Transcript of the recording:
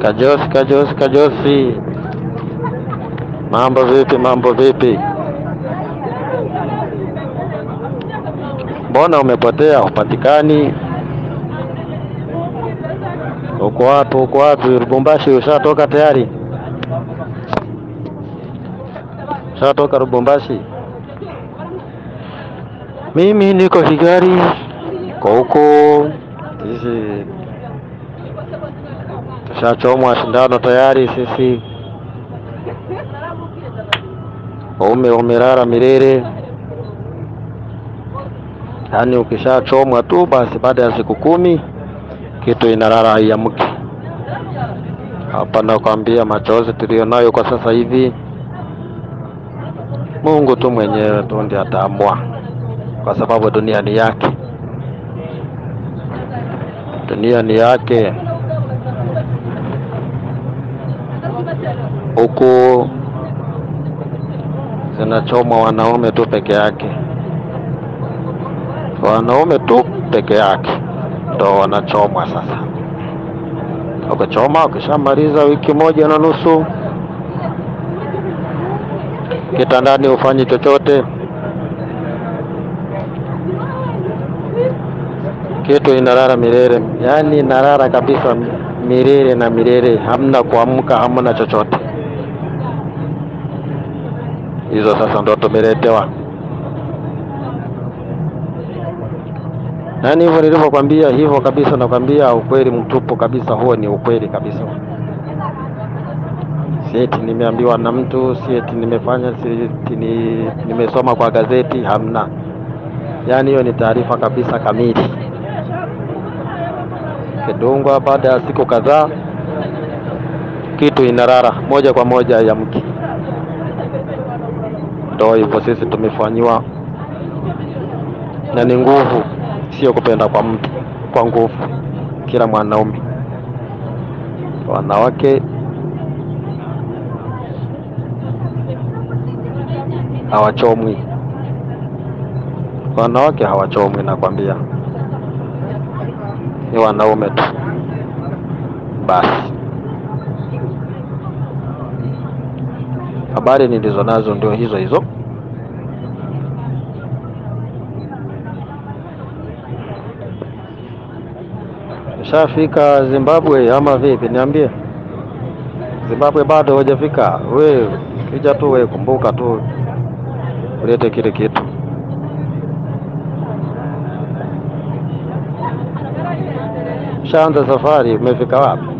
Kajosi, Kajosi, Kajosi, mambo vipi? Mambo vipi? Mbona umepotea, upatikani? Uko wapi? Uko wapi? Lubumbashi ushatoka tayari? Ushatoka Lubumbashi? Mimi niko Kigali, kwa huko hizi shachomwa shindano tayari. Sisi ume umerara mirere. yaani ukishachomwa tu basi, baada ya siku kumi kitu inarara haiamki. Hapa nakwambia machozi nayo kwa sasa hivi, Mungu tu mwenyewe tu ndiye ataamua, kwa sababu dunia ni yake, dunia ni yake. huku zinachomwa wanaume tu peke yake, wanaume tu peke yake ndo wanachomwa. Sasa ukichoma, ukishamaliza wiki moja na nusu kitandani, hufanyi chochote kitu, inalala milele, yaani inalala kabisa milele na milele, hamna kuamka, hamna chochote. Hizo sasa ndo tumeletewa nani. Hivyo nilivyokwambia hivyo kabisa, nakwambia ukweli mtupu kabisa, huo ni ukweli kabisa. Sieti nimeambiwa na mtu, sieti nimefanya, sieti ni, nimesoma kwa gazeti, hamna. Yaani hiyo ni taarifa kabisa kamili kidungwa Baada ya siku kadhaa, kitu inarara moja kwa moja ya mki. Ndio hivyo, sisi tumefanyiwa, na ni nguvu, sio kupenda kwa mtu, kwa nguvu kila mwanaume, wanawake hawachomwi, wanawake hawachomwi, nakwambia ni wanaume tu basi. Habari nilizo nazo ndio hizo hizo. shafika Zimbabwe ama vipi? Niambie. Zimbabwe bado hujafika? We kija tu, we kumbuka tu ulete kile kitu. the safari, umefika wapi?